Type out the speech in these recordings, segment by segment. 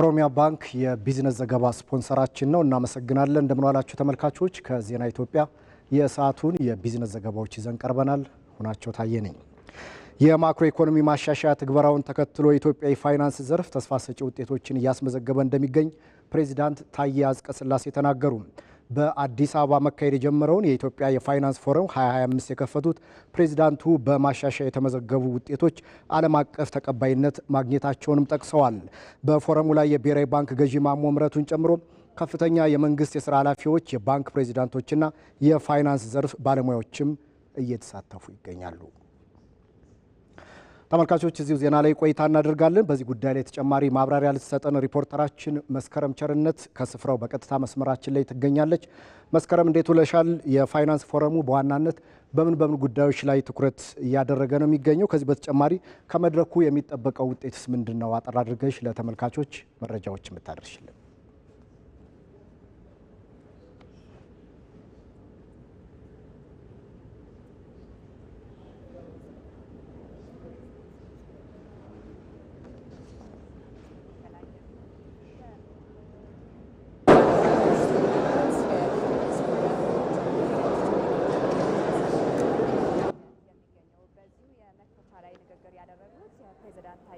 ኦሮሚያ ባንክ የቢዝነስ ዘገባ ስፖንሰራችን ነው። እናመሰግናለን። እንደምንዋላችሁ ተመልካቾች፣ ከዜና ኢትዮጵያ የሰዓቱን የቢዝነስ ዘገባዎች ይዘን ቀርበናል። ሁናቸው ታየ ነኝ። የማክሮ ኢኮኖሚ ማሻሻያ ትግበራውን ተከትሎ የኢትዮጵያ የፋይናንስ ዘርፍ ተስፋ ሰጪ ውጤቶችን እያስመዘገበ እንደሚገኝ ፕሬዚዳንት ታዬ አጽቀ ሥላሴ ተናገሩ። በአዲስ አበባ መካሄድ የጀመረውን የኢትዮጵያ የፋይናንስ ፎረም 2025 የከፈቱት ፕሬዚዳንቱ በማሻሻያ የተመዘገቡ ውጤቶች ዓለም አቀፍ ተቀባይነት ማግኘታቸውንም ጠቅሰዋል። በፎረሙ ላይ የብሔራዊ ባንክ ገዢ ማሞ ምህረቱን ጨምሮ ከፍተኛ የመንግስት የስራ ኃላፊዎች፣ የባንክ ፕሬዚዳንቶችና የፋይናንስ ዘርፍ ባለሙያዎችም እየተሳተፉ ይገኛሉ። ተመልካቾች እዚሁ ዜና ላይ ቆይታ እናደርጋለን። በዚህ ጉዳይ ላይ ተጨማሪ ማብራሪያ ልትሰጠን ሪፖርተራችን መስከረም ቸርነት ከስፍራው በቀጥታ መስመራችን ላይ ትገኛለች። መስከረም እንዴት ውለሻል? የፋይናንስ ፎረሙ በዋናነት በምን በምን ጉዳዮች ላይ ትኩረት እያደረገ ነው የሚገኘው? ከዚህ በተጨማሪ ከመድረኩ የሚጠበቀው ውጤትስ ምንድን ነው? አጠር አድርገሽ ለተመልካቾች መረጃዎች የምታደርሽልን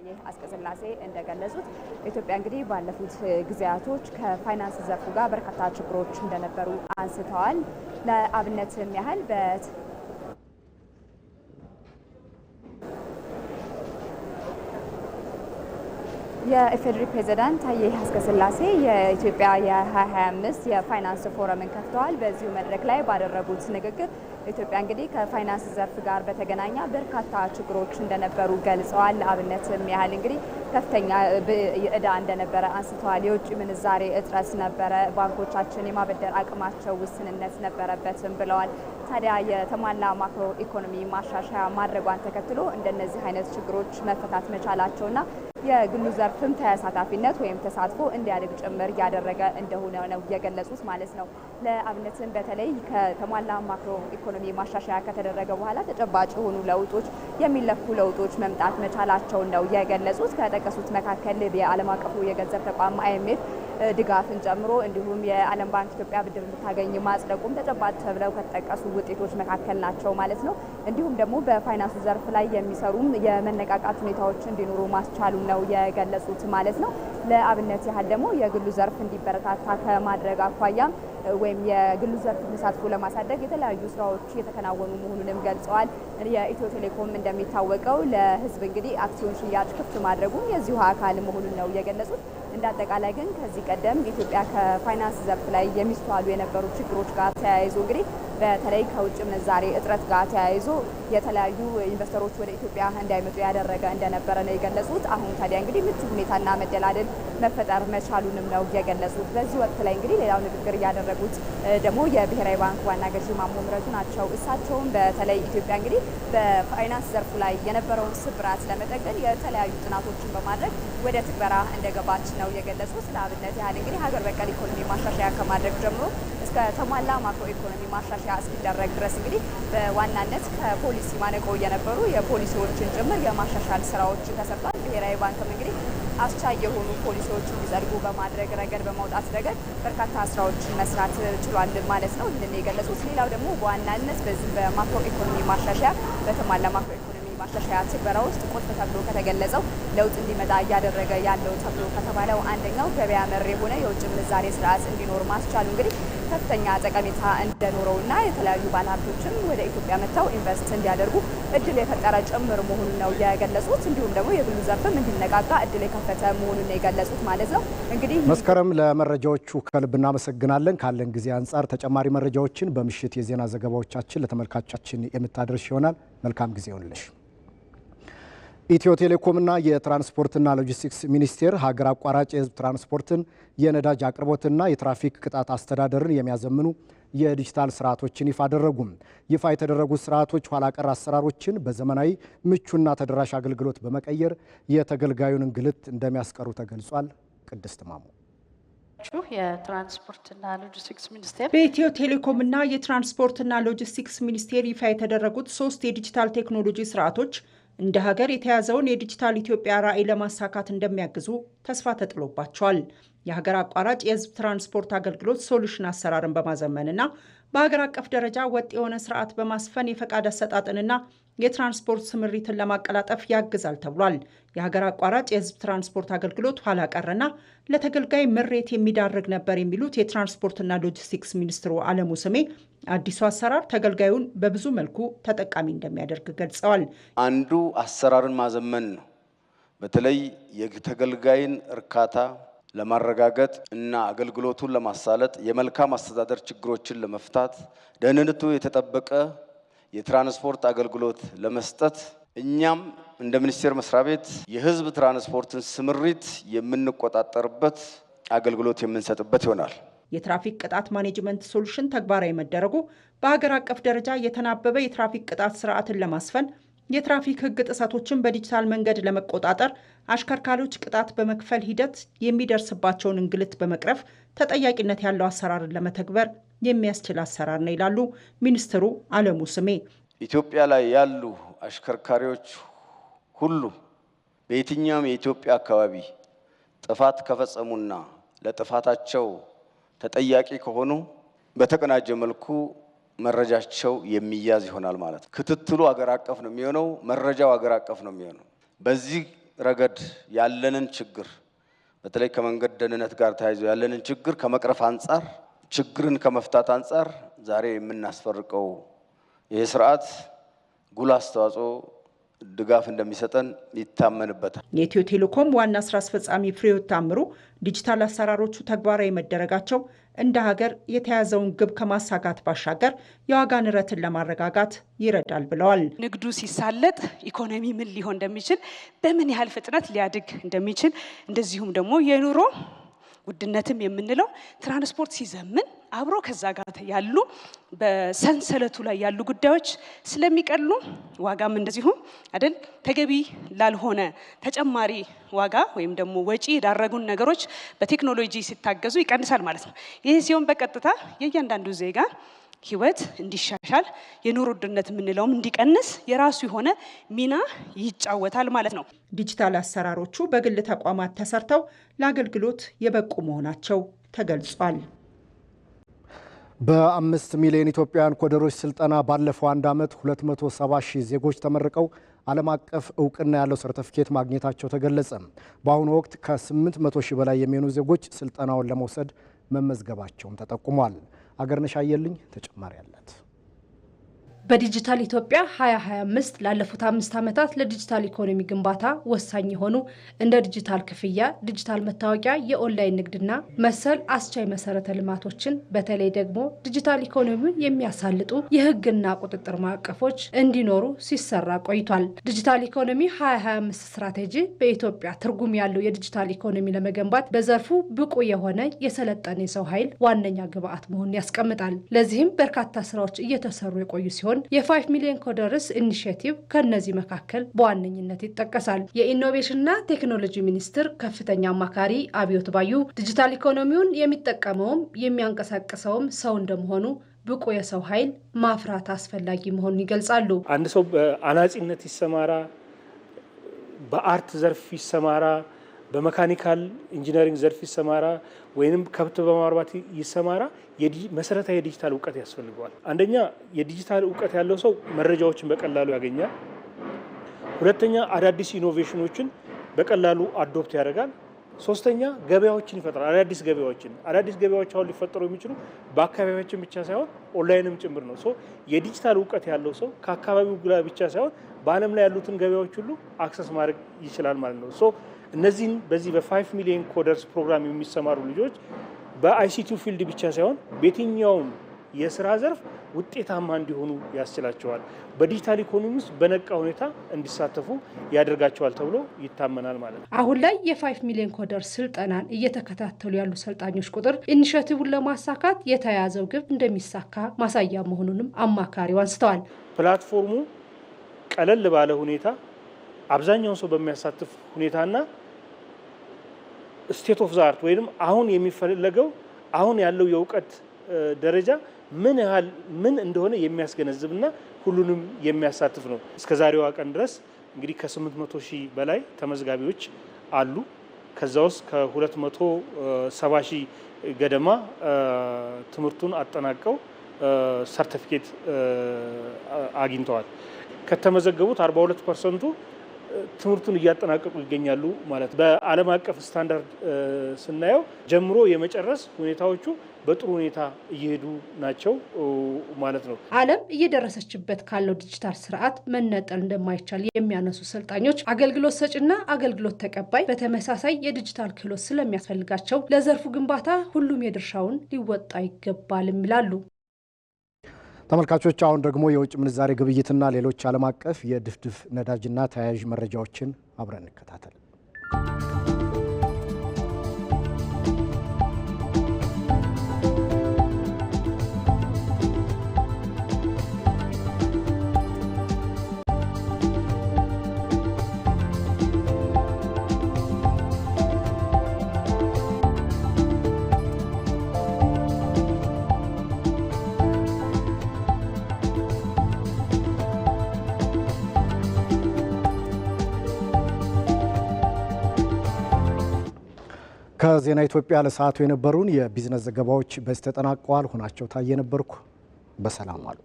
ታዬ አስቀስላሴ እንደገለጹት ኢትዮጵያ እንግዲህ ባለፉት ጊዜያቶች ከፋይናንስ ዘርፉ ጋር በርካታ ችግሮች እንደነበሩ አንስተዋል። ለአብነትም ያህል የኢፌዴሪ ፕሬዚዳንት ታዬ አስቀስላሴ የኢትዮጵያ የ2025 የፋይናንስ ፎረምን ከፍተዋል። በዚሁ መድረክ ላይ ባደረጉት ንግግር ኢትዮጵያ እንግዲህ ከፋይናንስ ዘርፍ ጋር በተገናኛ በርካታ ችግሮች እንደነበሩ ገልጸዋል። ለአብነትም ያህል እንግዲህ ከፍተኛ እዳ እንደነበረ አንስተዋል። የውጭ ምንዛሬ እጥረት ነበረ፣ ባንኮቻችን የማበደር አቅማቸው ውስንነት ነበረበትም ብለዋል። ታዲያ የተሟላ ማክሮ ኢኮኖሚ ማሻሻያ ማድረጓን ተከትሎ እንደነዚህ አይነት ችግሮች መፈታት መቻላቸውና የግሉ ዘርፍም ተሳታፊነት ወይም ተሳትፎ እንዲያድግ ጭምር ያደረገ እንደሆነ ነው የገለጹት ማለት ነው። ለአብነትም በተለይ ከተሟላ ማክሮ ኢኮኖሚ ማሻሻያ ከተደረገ በኋላ ተጨባጭ የሆኑ ለውጦች የሚለኩ ለውጦች መምጣት መቻላቸውን ነው የገለጹት። ከጠቀሱት መካከል የዓለም አቀፉ የገንዘብ ተቋም አይኤምኤፍ ድጋፍን ጨምሮ እንዲሁም የዓለም ባንክ ኢትዮጵያ ብድር እንድታገኝ ማጽደቁም ተጨባጭ ተብለው ከተጠቀሱ ውጤቶች መካከል ናቸው ማለት ነው። እንዲሁም ደግሞ በፋይናንሱ ዘርፍ ላይ የሚሰሩም የመነቃቃት ሁኔታዎች እንዲኖሩ ማስቻሉ ነው የገለጹት ማለት ነው። ለአብነት ያህል ደግሞ የግሉ ዘርፍ እንዲበረታታ ከማድረግ አኳያም ወይም የግሉ ዘርፍ ተሳትፎ ለማሳደግ የተለያዩ ስራዎች እየተከናወኑ መሆኑንም ገልጸዋል። የኢትዮ ቴሌኮም እንደሚታወቀው ለህዝብ እንግዲህ አክሲዮን ሽያጭ ክፍት ማድረጉ የዚሁ አካል መሆኑን ነው የገለጹት። እንደ አጠቃላይ ግን ከዚህ ቀደም ኢትዮጵያ ከፋይናንስ ዘርፍ ላይ የሚስተዋሉ የነበሩ ችግሮች ጋር ተያይዞ እንግዲህ በተለይ ከውጭ ምንዛሬ እጥረት ጋር ተያይዞ የተለያዩ ኢንቨስተሮች ወደ ኢትዮጵያ እንዳይመጡ ያደረገ እንደነበረ ነው የገለጹት። አሁን ታዲያ እንግዲህ ምቹ ሁኔታና መደላደል መፈጠር መቻሉንም ነው የገለጹት። በዚህ ወቅት ላይ እንግዲህ ሌላው ንግግር እያደረጉት ደግሞ የብሔራዊ ባንክ ዋና ገዢ ማሞ ምህረቱ ናቸው። እሳቸውም በተለይ ኢትዮጵያ እንግዲህ በፋይናንስ ዘርፉ ላይ የነበረውን ስብራት ለመጠገን የተለያዩ ጥናቶችን በማድረግ ወደ ትግበራ እንደገባች ነው የገለጹት። ለአብነት ያህል እንግዲህ ሀገር በቀል ኢኮኖሚ ማሻሻያ ከማድረግ ጀምሮ እስከ ተሟላ ማክሮ ኢኮኖሚ ማሻሻያ እስኪደረግ ድረስ እንግዲህ በዋናነት ከፖሊሲ ማነቆ የነበሩ የፖሊሲዎችን ጭምር የማሻሻል ስራዎች ተሰርቷል። ብሔራዊ ባንክም እንግዲህ አስቻይ የሆኑ ፖሊሲዎች እንዲጸድጉ በማድረግ ረገድ በማውጣት ረገድ በርካታ ስራዎችን መስራት ችሏል ማለት ነው እንድን የገለጹት። ሌላው ደግሞ በዋናነት በዚህ በማክሮ ኢኮኖሚ ማሻሻያ በተሟላ ማክሮ ኢኮኖሚ ማሻሻያ ትግበራ ውስጥ ቁልፍ ተብሎ ከተገለጸው ለውጥ እንዲመጣ እያደረገ ያለው ተብሎ ከተባለው አንደኛው ገበያ መር የሆነ የውጭ ምንዛሬ ስርዓት እንዲኖር ማስቻሉ እንግዲህ ከፍተኛ ጠቀሜታ እንደኖረውና የተለያዩ ባለሀብቶችም ወደ ኢትዮጵያ መጥተው ኢንቨስት እንዲያደርጉ እድል የፈጠረ ጭምር መሆኑን ነው የገለጹት። እንዲሁም ደግሞ የግሉ ዘርፍም እንዲነቃቃ እድል የከፈተ መሆኑን የገለጹት ማለት ነው። እንግዲህ መስከረም፣ ለመረጃዎቹ ከልብ እናመሰግናለን። ካለን ጊዜ አንጻር ተጨማሪ መረጃዎችን በምሽት የዜና ዘገባዎቻችን ለተመልካቻችን የምታደርስ ይሆናል። መልካም ጊዜ ይሆንልሽ። ኢትዮ ቴሌኮምና የትራንስፖርትና ሎጂስቲክስ ሚኒስቴር ሀገር አቋራጭ የህዝብ ትራንስፖርትን የነዳጅ አቅርቦትና የትራፊክ ቅጣት አስተዳደርን የሚያዘምኑ የዲጂታል ስርዓቶችን ይፋ አደረጉም። ይፋ የተደረጉት ስርዓቶች ኋላቀር አሰራሮችን በዘመናዊ ምቹና ተደራሽ አገልግሎት በመቀየር የተገልጋዩን እንግልት እንደሚያስቀሩ ተገልጿል። ቅድስት ማሙ የትራንስፖርትና ሎጂስቲክስ ሚኒስቴር በኢትዮ ቴሌኮምና የትራንስፖርትና ሎጂስቲክስ ሚኒስቴር ይፋ የተደረጉት ሶስት የዲጂታል ቴክኖሎጂ ስርዓቶች እንደ ሀገር የተያዘውን የዲጂታል ኢትዮጵያ ራዕይ ለማሳካት እንደሚያግዙ ተስፋ ተጥሎባቸዋል። የሀገር አቋራጭ የህዝብ ትራንስፖርት አገልግሎት ሶሉሽን አሰራርን በማዘመንና በሀገር አቀፍ ደረጃ ወጥ የሆነ ስርዓት በማስፈን የፈቃድ አሰጣጥንና የትራንስፖርት ስምሪትን ለማቀላጠፍ ያግዛል ተብሏል። የሀገር አቋራጭ የህዝብ ትራንስፖርት አገልግሎት ኋላ ቀረና ለተገልጋይ ምሬት የሚዳርግ ነበር የሚሉት የትራንስፖርትና ሎጂስቲክስ ሚኒስትሩ አለሙ ስሜ አዲሱ አሰራር ተገልጋዩን በብዙ መልኩ ተጠቃሚ እንደሚያደርግ ገልጸዋል። አንዱ አሰራርን ማዘመን ነው። በተለይ የተገልጋይን እርካታ ለማረጋገጥ እና አገልግሎቱን ለማሳለጥ የመልካም አስተዳደር ችግሮችን ለመፍታት ደህንነቱ የተጠበቀ የትራንስፖርት አገልግሎት ለመስጠት እኛም እንደ ሚኒስቴር መስሪያ ቤት የህዝብ ትራንስፖርትን ስምሪት የምንቆጣጠርበት አገልግሎት የምንሰጥበት ይሆናል። የትራፊክ ቅጣት ማኔጅመንት ሶሉሽን ተግባራዊ መደረጉ በሀገር አቀፍ ደረጃ የተናበበ የትራፊክ ቅጣት ስርዓትን ለማስፈን የትራፊክ ሕግ ጥሰቶችን በዲጂታል መንገድ ለመቆጣጠር አሽከርካሪዎች ቅጣት በመክፈል ሂደት የሚደርስባቸውን እንግልት በመቅረፍ ተጠያቂነት ያለው አሰራርን ለመተግበር የሚያስችል አሰራር ነው ይላሉ ሚኒስትሩ አለሙ ስሜ። ኢትዮጵያ ላይ ያሉ አሽከርካሪዎች ሁሉ በየትኛውም የኢትዮጵያ አካባቢ ጥፋት ከፈጸሙና ለጥፋታቸው ተጠያቂ ከሆኑ በተቀናጀ መልኩ መረጃቸው የሚያዝ ይሆናል ማለት ነው። ክትትሉ አገር አቀፍ ነው የሚሆነው፣ መረጃው አገር አቀፍ ነው የሚሆነው። በዚህ ረገድ ያለንን ችግር በተለይ ከመንገድ ደህንነት ጋር ተያይዞ ያለንን ችግር ከመቅረፍ አንጻር፣ ችግርን ከመፍታት አንጻር ዛሬ የምናስፈርቀው ይህ ስርዓት ጉል አስተዋጽኦ ድጋፍ እንደሚሰጠን ይታመንበታል። የኢትዮ ቴሌኮም ዋና ስራ አስፈጻሚ ፍሬሕይወት ታምሩ ዲጂታል አሰራሮቹ ተግባራዊ መደረጋቸው እንደ ሀገር የተያዘውን ግብ ከማሳካት ባሻገር የዋጋ ንረትን ለማረጋጋት ይረዳል ብለዋል። ንግዱ ሲሳለጥ ኢኮኖሚ ምን ሊሆን እንደሚችል፣ በምን ያህል ፍጥነት ሊያድግ እንደሚችል እንደዚሁም ደግሞ የኑሮ ውድነትም የምንለው ትራንስፖርት ሲዘምን አብሮ ከዛ ጋር ያሉ በሰንሰለቱ ላይ ያሉ ጉዳዮች ስለሚቀሉ ዋጋም እንደዚሁም አይደል ተገቢ ላልሆነ ተጨማሪ ዋጋ ወይም ደግሞ ወጪ የዳረጉን ነገሮች በቴክኖሎጂ ሲታገዙ ይቀንሳል ማለት ነው። ይህ ሲሆን በቀጥታ የእያንዳንዱ ዜጋ ህይወት እንዲሻሻል የኑሮ ውድነት የምንለውም እንዲቀንስ የራሱ የሆነ ሚና ይጫወታል ማለት ነው። ዲጂታል አሰራሮቹ በግል ተቋማት ተሰርተው ለአገልግሎት የበቁ መሆናቸው ተገልጿል። በአምስት ሚሊዮን ኢትዮጵያውያን ኮደሮች ስልጠና ባለፈው አንድ ዓመት 270 ሺህ ዜጎች ተመርቀው ዓለም አቀፍ እውቅና ያለው ሰርተፍኬት ማግኘታቸው ተገለጸ። በአሁኑ ወቅት ከ800 ሺህ በላይ የሚሆኑ ዜጎች ስልጠናውን ለመውሰድ መመዝገባቸውም ተጠቁሟል። አገርነሽ አየልኝ ተጨማሪ አላት። በዲጂታል ኢትዮጵያ 2025 ላለፉት አምስት ዓመታት ለዲጂታል ኢኮኖሚ ግንባታ ወሳኝ የሆኑ እንደ ዲጂታል ክፍያ፣ ዲጂታል መታወቂያ፣ የኦንላይን ንግድና መሰል አስቻይ መሰረተ ልማቶችን በተለይ ደግሞ ዲጂታል ኢኮኖሚውን የሚያሳልጡ የሕግና ቁጥጥር ማዕቀፎች እንዲኖሩ ሲሰራ ቆይቷል። ዲጂታል ኢኮኖሚ 2025 ስትራቴጂ በኢትዮጵያ ትርጉም ያለው የዲጂታል ኢኮኖሚ ለመገንባት በዘርፉ ብቁ የሆነ የሰለጠነ የሰው ኃይል ዋነኛ ግብዓት መሆኑን ያስቀምጣል። ለዚህም በርካታ ስራዎች እየተሰሩ የቆዩ ሲሆን ሲሆን የፋይቭ ሚሊዮን ኮደርስ ኢኒሽቲቭ ከእነዚህ መካከል በዋነኝነት ይጠቀሳል። የኢኖቬሽንና ቴክኖሎጂ ሚኒስትር ከፍተኛ አማካሪ አብዮት ባዩ ዲጂታል ኢኮኖሚውን የሚጠቀመውም የሚያንቀሳቅሰውም ሰው እንደመሆኑ ብቁ የሰው ኃይል ማፍራት አስፈላጊ መሆኑን ይገልጻሉ። አንድ ሰው በአናጺነት ይሰማራ፣ በአርት ዘርፍ ይሰማራ በመካኒካል ኢንጂነሪንግ ዘርፍ ይሰማራ ወይንም ከብት በማርባት ይሰማራ መሰረታዊ የዲጂታል እውቀት ያስፈልገዋል። አንደኛ የዲጂታል እውቀት ያለው ሰው መረጃዎችን በቀላሉ ያገኛል። ሁለተኛ አዳዲስ ኢኖቬሽኖችን በቀላሉ አዶፕት ያደርጋል። ሶስተኛ ገበያዎችን ይፈጥራል። አዳዲስ ገበያዎችን አዳዲስ ገበያዎች አሁን ሊፈጠሩ የሚችሉ በአካባቢያችን ብቻ ሳይሆን ኦንላይንም ጭምር ነው። ሶ የዲጂታል እውቀት ያለው ሰው ከአካባቢው ብቻ ሳይሆን በዓለም ላይ ያሉትን ገበያዎች ሁሉ አክሰስ ማድረግ ይችላል ማለት ነው። እነዚህን በዚህ በ5 ሚሊዮን ኮደርስ ፕሮግራም የሚሰማሩ ልጆች በአይሲቲ ፊልድ ብቻ ሳይሆን በየትኛውም የስራ ዘርፍ ውጤታማ እንዲሆኑ ያስችላቸዋል። በዲጂታል ኢኮኖሚ ውስጥ በነቃ ሁኔታ እንዲሳተፉ ያደርጋቸዋል ተብሎ ይታመናል ማለት ነው። አሁን ላይ የፋይቭ ሚሊዮን ኮደርስ ስልጠናን እየተከታተሉ ያሉ ሰልጣኞች ቁጥር ኢኒሽቲቭን ለማሳካት የተያያዘው ግብ እንደሚሳካ ማሳያ መሆኑንም አማካሪው አንስተዋል። ፕላትፎርሙ ቀለል ባለ ሁኔታ አብዛኛውን ሰው በሚያሳትፍ ሁኔታና ስቴት ኦፍ ዛርት ወይም አሁን የሚፈለገው አሁን ያለው የእውቀት ደረጃ ምን ያህል ምን እንደሆነ የሚያስገነዝብና ሁሉንም የሚያሳትፍ ነው። እስከ ዛሬዋ ቀን ድረስ እንግዲህ ከ800 ሺህ በላይ ተመዝጋቢዎች አሉ። ከዛ ውስጥ ከ270 ሺህ ገደማ ትምህርቱን አጠናቀው ሰርተፊኬት አግኝተዋል። ከተመዘገቡት 42 ፐርሰንቱ ትምህርቱን እያጠናቀቁ ይገኛሉ ማለት በዓለም አቀፍ ስታንዳርድ ስናየው ጀምሮ የመጨረስ ሁኔታዎቹ በጥሩ ሁኔታ እየሄዱ ናቸው ማለት ነው። ዓለም እየደረሰችበት ካለው ዲጂታል ስርዓት መነጠል እንደማይቻል የሚያነሱ ሰልጣኞች አገልግሎት ሰጪና አገልግሎት ተቀባይ በተመሳሳይ የዲጂታል ክህሎት ስለሚያስፈልጋቸው ለዘርፉ ግንባታ ሁሉም የድርሻውን ሊወጣ ይገባልም ይላሉ። ተመልካቾች አሁን ደግሞ የውጭ ምንዛሬ ግብይትና ሌሎች ዓለም አቀፍ የድፍድፍ ነዳጅና ተያያዥ መረጃዎችን አብረን እንከታተል። ከዜና ኢትዮጵያ ለሰዓቱ የነበሩን የቢዝነስ ዘገባዎች በዚህ ተጠናቀዋል። ሆናቸው ታየ ነበርኩ። በሰላም አሉ።